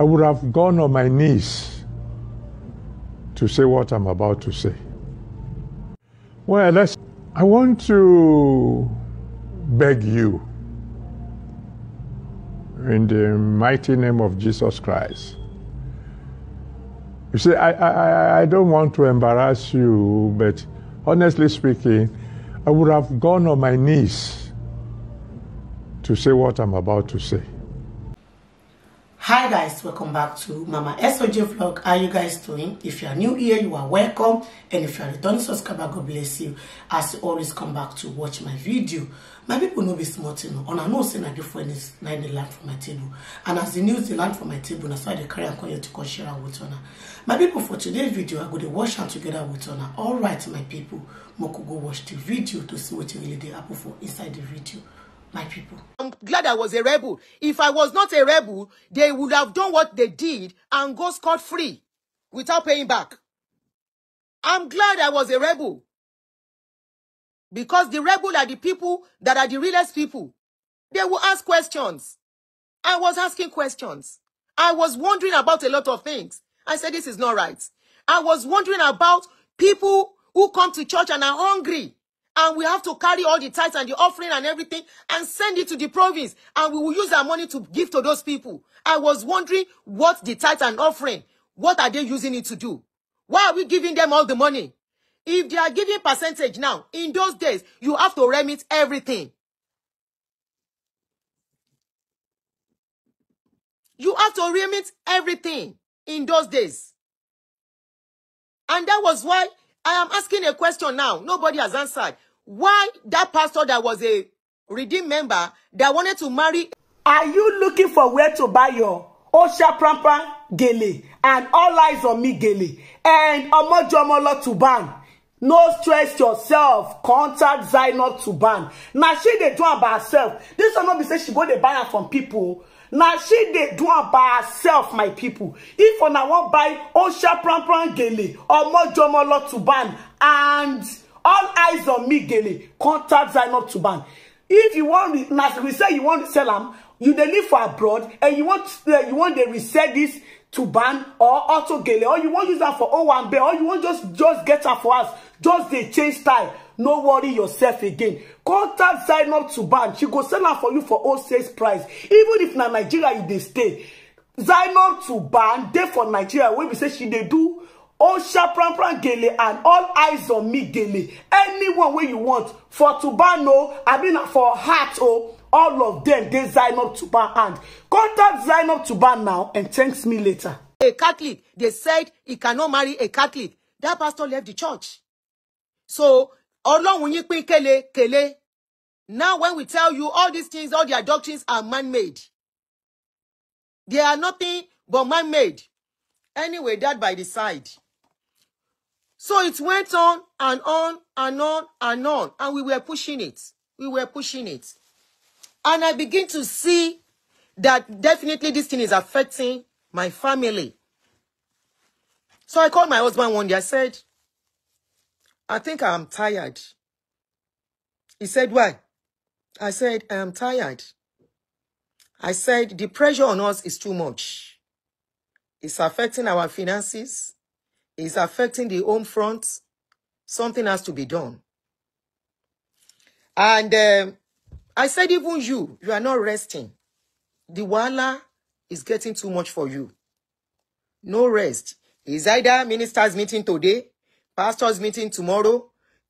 I would have gone on my knees to say what I'm about to say. Well, let's, I want to beg you in the mighty name of Jesus Christ. You see, I, I, I don't want to embarrass you, but honestly speaking, I would have gone on my knees to say what I'm about to say. hi guys welcome back to mama soj vlog how are you guys doing if you are new here you are welcome and if you are returning subscriber god bless you as you always come back to watch my video my people know be small thing o una know say na different is na dey land for my table and as the news dey land for my table na so i dey carry am come here to come share am with una my people for today's video i go dey watch am together with una all right my people make we go watch the video to see wetin really dey happen for inside the video my people. I'm glad I was a rebel. If I was not a rebel, they would have done what they did and go scot-free without paying back. I'm glad I was a rebel. Because the rebel are the people that are the realest people. They will ask questions. I was asking questions. I was wondering about a lot of things. I said, this is not right. I was wondering about people who come to church and are hungry and we have to carry all the tithes and the offering and everything and send it to the province and we will use our money to give to those people. I was wondering what the tithes and offering, what are they using it to do? Why are we giving them all the money? If they are giving percentage now, in those days, you have to remit everything. You have to remit everything in those days. And that was why I am asking a question now. Nobody has answered. Why that pastor that was a redeemed member that wanted to marry. Are you looking for where to buy your Osha Prampa Gele and all eyes on me Gele and Omojomolo to ban? No stress yourself. Contact Zainab to ban. Now she dey do am by herself. This one no be saying she go dey buy it from people. Now she dey do it by herself my people. if una want buy osha oh, pranpran gele to ban, and all eyes on me gele contact to ban. if you want, na we say you wan sell them, you dey live for abroad and you want uh, you want dey resell this to ban or auto gele or you wan use that for b, or you want just just get am for us, just dey change style no worry yourself again contact sign up to bank she go sell am for you for wholesale price even if na nigeria you dey stay to tuban dey for nigeria wey be say she dey do osha pranpran gele and all eyes on me gele anyone wey you want for to tuban o oh, i mean for heart o oh, all of dem dey to tuban hand contact sign up to tuban now and thanks me later. a catholic dey said he cannot marry a catholic that pastor left the church so Ọlọ́run yín pín kele kele. Now when we tell you all these things, all their doctrines are man-made. They are nothing but man-made. Anyway, that by the side. So it went on and on and on and on. And we were pushing it. We were pushing it. And I begin to see that definitely this thing is affecting my family. So I called my husband one day. I said, I think I'm tired. He said, why? I said, I am tired. I said, the pressure on us is too much. It's affecting our finances. It's affecting the home front. Something has to be done. And um, I said, even you, you are not resting. The wala is getting too much for you. No rest. Is either ministers meeting today pastors meeting tomorrow,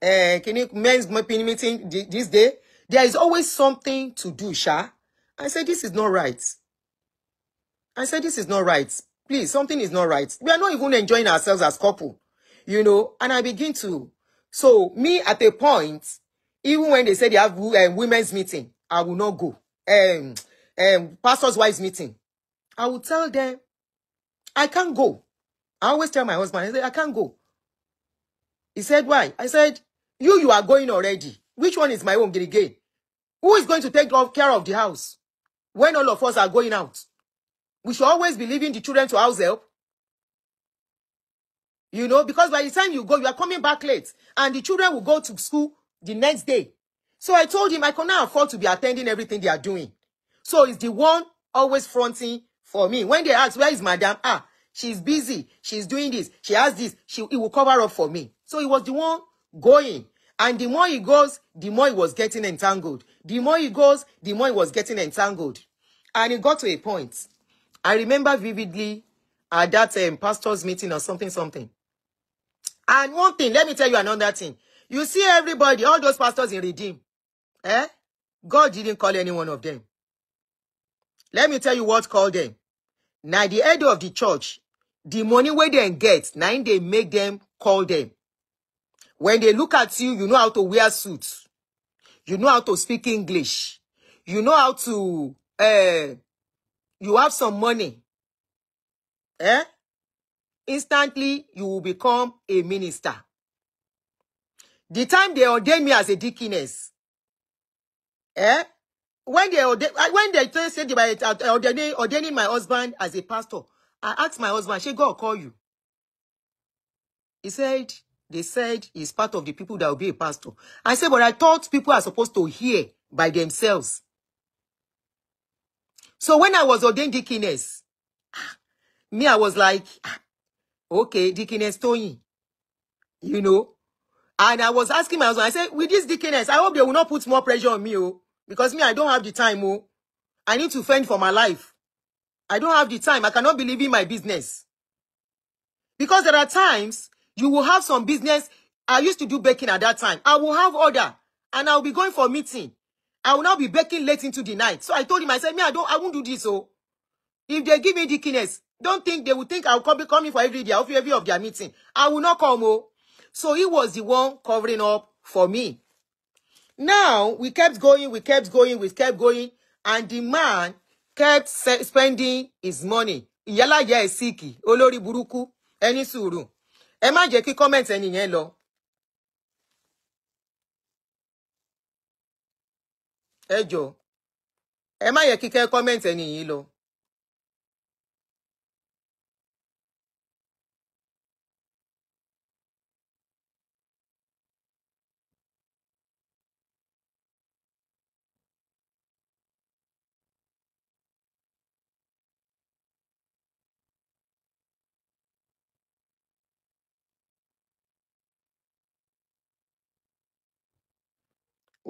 uh, can men's meeting this day. There is always something to do, Sha. I said, this is not right. I said, this is not right. Please, something is not right. We are not even enjoying ourselves as couple, you know. And I begin to. So me at a point, even when they say they have eh, women's meeting, I will not go. Um, um, pastor's wives meeting. I will tell them, I can't go. I always tell my husband, I, say, I can't go. He said, why? I said, you, you are going already. Which one is my own again? Who is going to take care of the house when all of us are going out? We should always be leaving the children to house help. You know, because by the time you go, you are coming back late. And the children will go to school the next day. So I told him I cannot afford to be attending everything they are doing. So it's the one always fronting for me. When they ask, where is madam? Ah, she's busy. She's doing this. She has this. She, it will cover up for me. So he was the one going. And the more he goes, the more he was getting entangled. The more he goes, the more he was getting entangled. And he got to a point. I remember vividly at that um, pastor's meeting or something, something. And one thing, let me tell you another thing. You see everybody, all those pastors in Redeem. Eh? God didn't call any one of them. Let me tell you what called them. Now the head of the church, the money where they get, now they make them call them. When they look at you, you know how to wear suits. You know how to speak English. You know how to, uh, you have some money. Eh? Instantly, you will become a minister. The time they ordained me as a deaconess, eh? When they ordain, when they said they were ordaining, ordaining my husband as a pastor, I asked my husband, "Shey God call you?" He said, They said he's part of the people that will be a pastor. I said, but I thought people are supposed to hear by themselves. So when I was ordained deaconess, ah, me, I was like, ah, okay, deaconess Tony, you know. And I was asking my husband, I said, with this deaconess, I hope they will not put more pressure on me, oh, because me, I don't have the time, oh. I need to fend for my life. I don't have the time. I cannot believe in my business. Because there are times you will have some business. I used to do baking at that time. I will have order and I'll be going for meeting. I will now be baking late into the night. So I told him, I said, me, I don't, I won't do this. So oh. if they give me the dickiness, don't think they will think I'll come, be coming for every day of every of their meeting. I will not come. Oh. So he was the one covering up for me. Now we kept going, we kept going, we kept going, and the man kept spending his money. Yala ẹ̀ olórí burúkú, enisuru. ẹ má jẹ́ kí comment ẹni yẹn lọ. ẹ jọ ẹ má yẹ kíkẹ́ comment ẹni yìí lọ.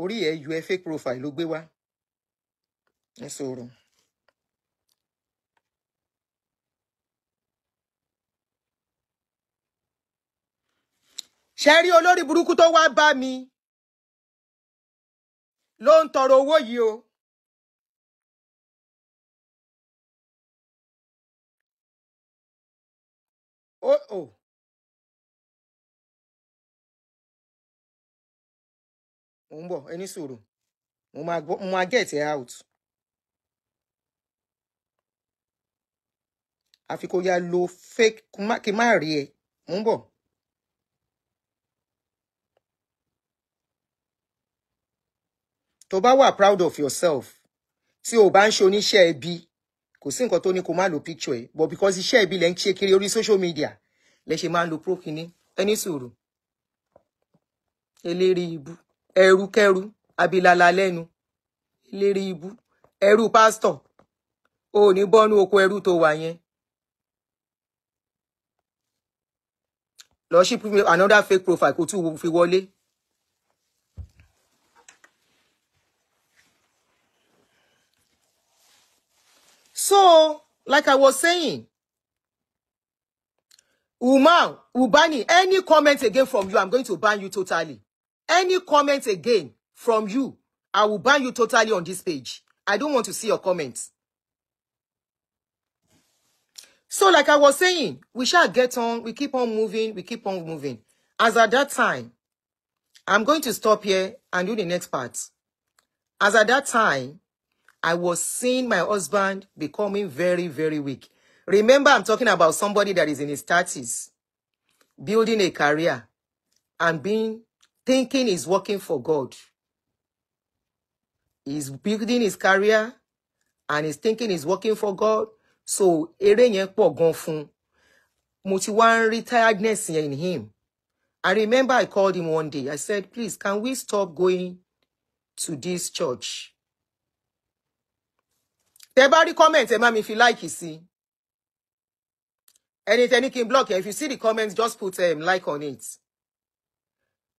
orí ẹ̀ yọ ẹ fake profile ló gbé wá ẹ sọ̀rọ̀. ṣe rí olórí burúkú tó wá bá mi ló ń tọrọ owó yìí o. Oh, oh. mo ń bọ̀ ẹ ní mo máa get ẹ out. àfi kó ya lo fake kí n má rí ẹ mo ń bọ̀. tó bá wà proud of yourself tí o bá ń ṣe oníṣẹ́ ẹbí kò sí nǹkan tó ní kó má lo picture ẹ but because iṣẹ́ ẹbí lẹ́ ń ṣe kiri orí social media lẹ́ ṣe máa ń lo pro kínní ẹ ní sùúrù eléri ibú ẹrùkẹrù abilala lẹ́nu eléré ibú ẹrú pásítọ̀ o ní bọ́nú oko ẹrú tó wà yẹn lọ ṣípù another fake profile kò tún fi wọlé. So, like I was saying, Umar, Ubani, any comment again from you, I'm going to ban you totally. Any comments again from you, I will ban you totally on this page. I don't want to see your comments. So like I was saying, we shall get on, we keep on moving, we keep on moving. As at that time, I'm going to stop here and do the next part. As at that time, I was seeing my husband becoming very, very weak. Remember, I'm talking about somebody that is in his 30s, building a career and being thinking he's working for God. He's building his career and he's thinking he's working for God. So eré pọ̀ fún. in him. I remember I called him one day. I said, please, can we stop going to this church? Everybody comment ẹ má If you like you see. Anything you can block If you see the comments, just put um, like on it.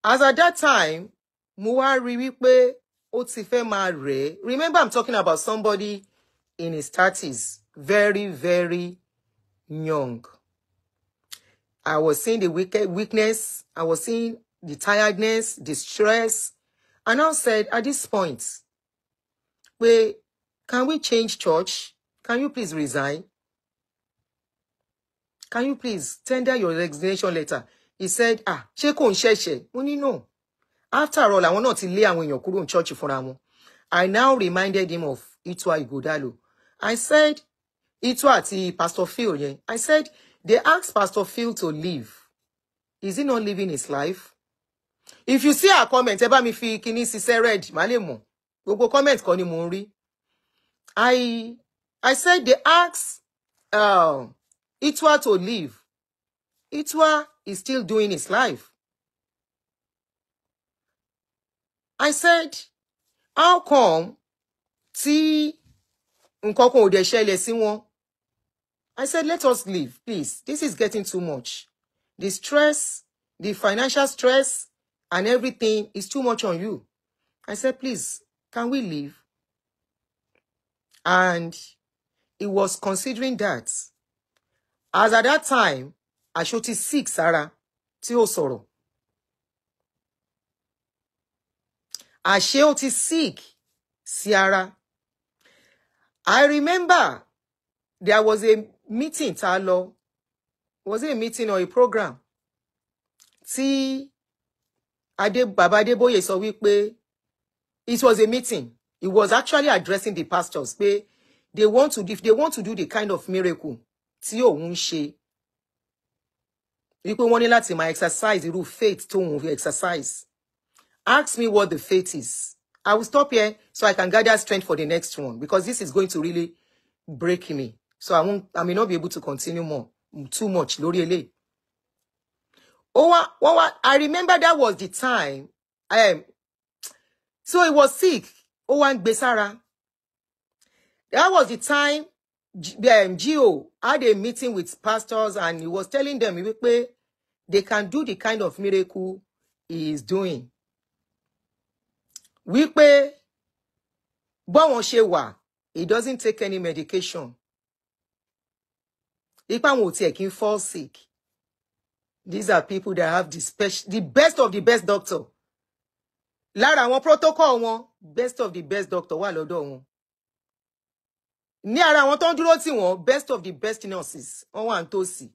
as at that time mo wá rí wípé ó ti fẹ́ máa rẹ̀ remember i'm talking about somebody in his thirties very very young i was seeing the wicked weakness i was seeing the tiredness the stress and i said at this point we can we change church can you please resign can you please tender your resignation letter he said ah ṣé kò ń ṣẹ̀ṣẹ̀ mo ní no after all àwọn náà ti lé àwọn èèyàn kúrò ní church fúnra wọn i now reminded him of Itua Igodalo i said Itua àti pastor Phil yẹn i said they asked pastor Phil to leave is he not living his life if you see her comment ẹ bá mi fi kinní ṣiṣẹ́ red má lè mọ̀ gbogbo comment kan ni mo ń rí i i said they asked uh, um, Itua to leave Itua is still doing his life. I said, how come tí nǹkan kan ò dẹ̀ ṣẹlẹ̀ sí I said, let us leave, please. This is getting too much. The stress, the financial stress, and everything is too much on you. I said, please, can we leave? And he was considering that. As at that time, àṣótí six ara tí ó sọ̀rọ̀ àṣé ó ti sick sí ara I remember there was a meeting tá lọ was it a meeting or a program tí adé bàbá Adébóyè sọ wípé it was a meeting he was actually addressing the pastors pé they want to if they want to do the kind of miracle tí òun ń ṣe wípé wọ́n ní láti máa exercise irú faith tóun fi exercise ask me what the faith is I will stop here so I can gather strength for the next one because this is going to really break me so I won't I may not be able to continue more too much lórí eléyìí. Oh, what, what, I remember that was the time. Um, so he was sick. Ó wá ń gbé sára. That was the time um, Gio had a meeting with pastors and he was telling them wípé they can do the kind of miracle he is doing. Wípé bọ́wọ́n ṣe wà he doesn't take any medication. Ipa wọn ò tiẹ̀ kí fall sick. These are people that have the, the best of the best doctor. Lára àwọn protocol wọn best of the best doctor wà lọ́dọ̀ wọn ní ara àwọn tó ń dúró tì wọ́n best of the best nurses wọ́n wà ń tòsí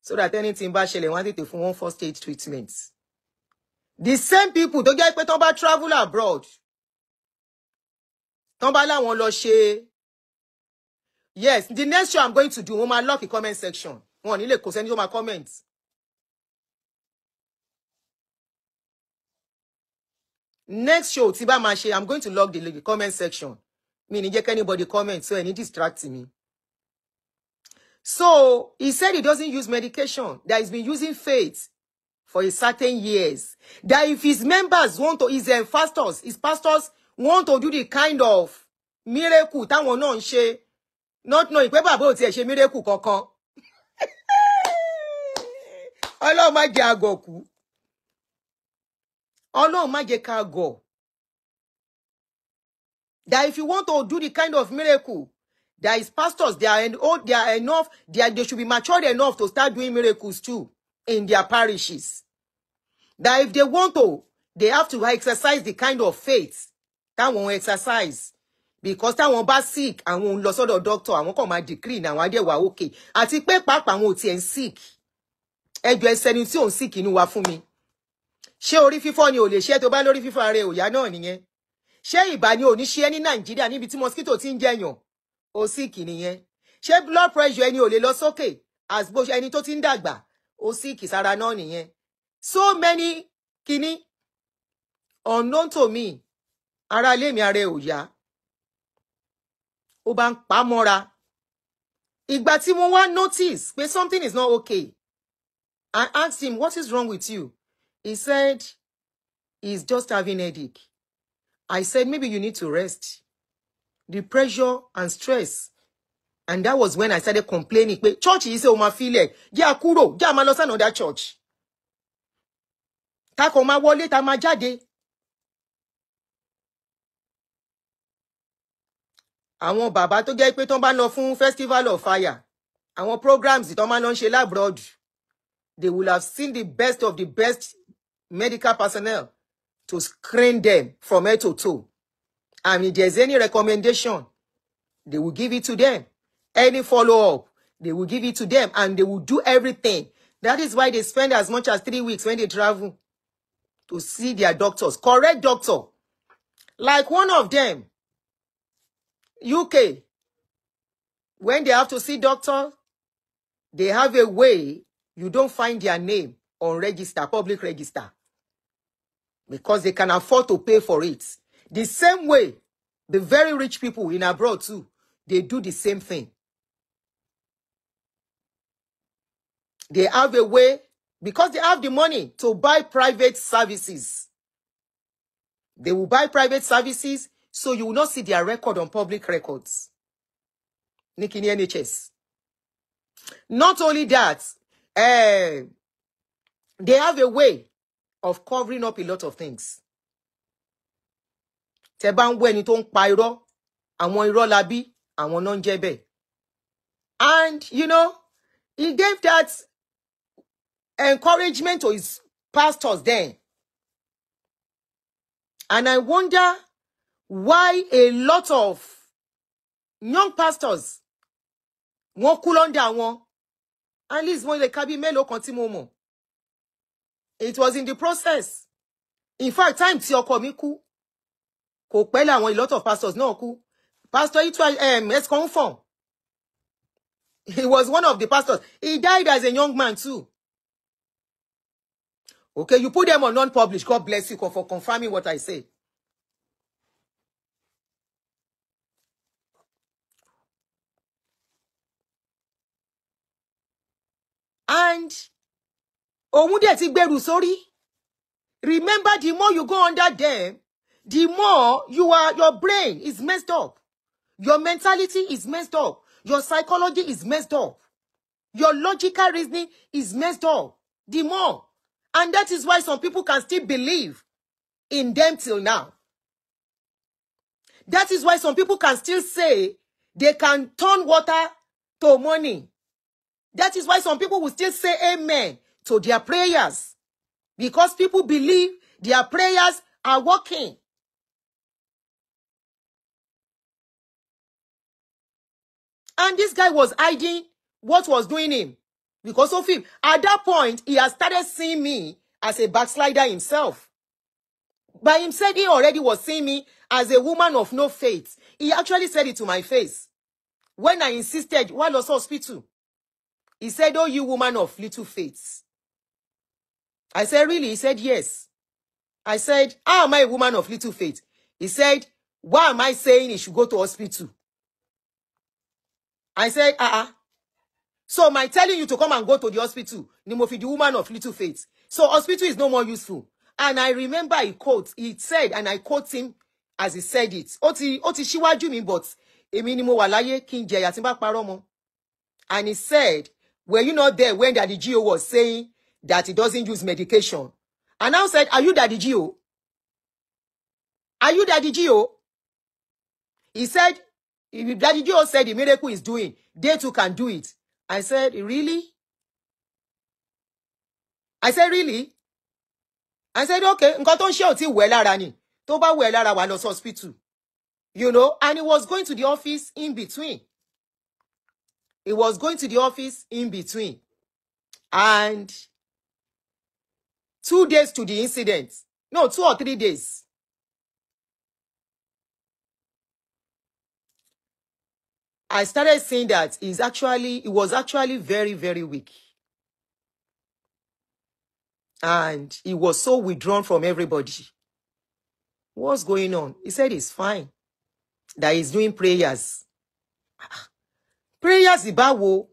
so that anything bá ṣẹlẹ̀ wọ́n á tètè fún wọn first aid treatment the same people tó jẹ́ pé tán bá travel abroad tán bá láwọn lọ ṣe yes the next show i'm going to do wọ́n máa lock the comment section wọn ò ní lè kó sẹ́ni tó máa comment. next show tí bá máa ṣe i'm going to lock the comment section mi ní jẹ́ anybody comment so any distract me so he said he doesn't use medication that he's been using faith for a certain years that if his members want to his um, pastors his pastors want to do the kind of miracle that náà ń she not knowing pé bàbá ò tiẹ̀ ṣe miracle kankan ọlọ́run má jẹ́ àgọ̀kú ọlọ́run má jẹ́ ká That if you want to do the kind of miracle, there is pastors, they are, oh, they are enough, they, are, they should be matured enough to start doing miracles too in their parishes. That if they want to, they have to exercise the kind of faith that won't exercise. because that táwọn bá sick àwọn ń lọ the doctor and àwọn come máa decree ní àwọn adéwà òkè àti pé pàápàá àwọn ò tiẹ̀ ń sick ẹjọ́ ẹsẹ̀ ni tí you ń sick inú you fún mi ṣé orí fífọ́ ni ò lè ṣe tó bá lórí fífọ́ ara ẹ̀ òyà náà nìyẹn ṣé ìbà ni ò ní ṣe é ní nàìjíríà níbi tí mosquito ti ń jẹyàn ó sì kì nìyẹn ṣé blood pressure ẹni ò lè lọ sókè as bó ṣe ẹni tó ti ń dàgbà ó sì kì náà nìyẹn so many kìíní unknown to me ara ilé mi ara ẹ ò yá ó bá ń pa á mọ́ra ìgbà tí mo wá notice pé something is not okay I asked him what is wrong with you he said he is just having headache I said, maybe you need to rest. The pressure and stress. And that was when I started complaining. Pé church yìí ṣe o máa filẹ̀, jẹ́ a kúrò, jẹ́ a another church. Ta kò máa wọlé, ta máa jáde. Àwọn bàbá tó jẹ́ pé tán bá lọ fún festival of fire, àwọn programs tán máa lọ ń ṣe they will have seen the best of the best medical personnel to screen them from A to two. And if there's any recommendation, they will give it to them. Any follow-up, they will give it to them and they will do everything. That is why they spend as much as three weeks when they travel to see their doctors. Correct doctor. Like one of them, UK, when they have to see doctor, they have a way you don't find their name on register, public register because they can afford to pay for it. The same way, the very rich people in abroad too, they do the same thing. They have a way, because they have the money to buy private services. They will buy private services, so you will not see their record on public records. Nikini NHS. Not only that, uh, they have a way of covering up a lot of things. Tẹ́ bá ń wọ ẹni tó ń pa irọ́, àwọn irọ́ la bí, àwọn náà ń jẹ́ bẹ́ẹ̀. And you know, he gave that encouragement to his pastors then. And I wonder why a lot of young pastors wọ́n kú lọ́ndà wọn. At least wọ́n lè ka bí mélòó kan tí mo mọ̀. it was in the process in fact time tí ọkọ mi kú kò pẹ́ a lot of pastors no? kú pastor itu um, esconfon he was one of the pastors he died as a young man too okay you put them on non-published god bless you for confirming what i say and òun dẹ̀ ti gbèrú sórí remember the more you go under them the more you are your brain is messed up your mentality is messed up your psychology is messed up your logical reasoning is messed up the more and that is why some people can still believe in them till now that is why some people can still say they can turn water to money that is why some people will still say amen to their prayers because people believe their prayers are working. And this guy was hiding what was doing him because of him. At that point, he has started seeing me as a backslider himself. By him said he already was seeing me as a woman of no faith. He actually said it to my face. When I insisted, while also hospital, he said, oh, you woman of little faith. I said, really? He said, yes. I said, how am I a woman of little faith? He said, why am I saying he should go to hospital? I said, uh-uh. So my telling you to come and go to the hospital, ni mo the woman of little faith. So hospital is no more useful. And I remember he quote, he said, and I quote him as he said it. Oti oti shiwa jumi but èmi ni mo wà láyé kí And he said, were you not there when that the Gio was saying that he doesn't use medication. And now said, are you Daddy Gio? Are you Daddy Gio? He said, Daddy Gio said the miracle is doing. They too can do it. I said, really? I said, really? I said, okay, nǹkan tó ń ṣe ò tí Toba lára ni. Tó hospital. You know, and he was going to the office in between. He was going to the office in between. And two days to the incident. No, two or three days. I started seeing that he's actually, he was actually very, very weak. And he was so withdrawn from everybody. What's going on? He said he's fine. That he's doing prayers. prayers ìbáwo.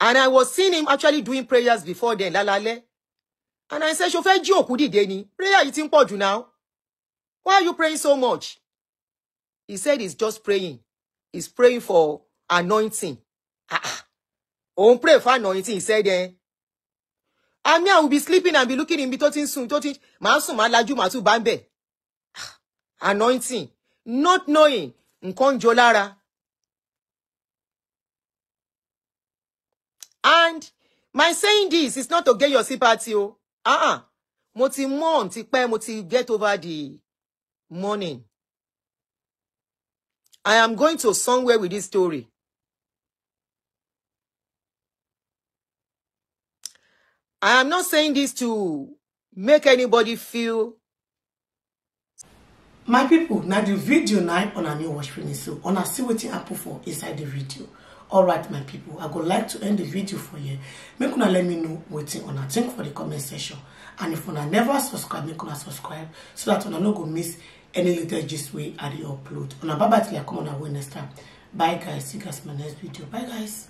And I was seeing him actually doing prayers before then, la. and I said ṣo fẹ́ jí òkú dìde ni prayer yìí important now why are you praying so much he said he's just praying he's praying for anointing ah, ah. òun pray for anointing he said eh I mean I will be sleeping and be looking in between soon. ń sùn tó ti màá sùn màá lajú ah, anointing not knowing nǹkan and my saying this is not to get your sympathy Oh ah ah mo ti mourn ti pẹ́ mo ti get over the morning. I am going to somewhere with this story. I am not saying this to make anybody feel. My people, now the video now on a new watch finish. So on a see what happen for inside the video. All right, my people. i go like to end the video for you. make una let me know wetin una think for the comment section and if una never subscribe make una subscribe so dat una no go miss any little gist way i dey upload una bye bye till i come on our next time bye guys see you guys in my next video bye guys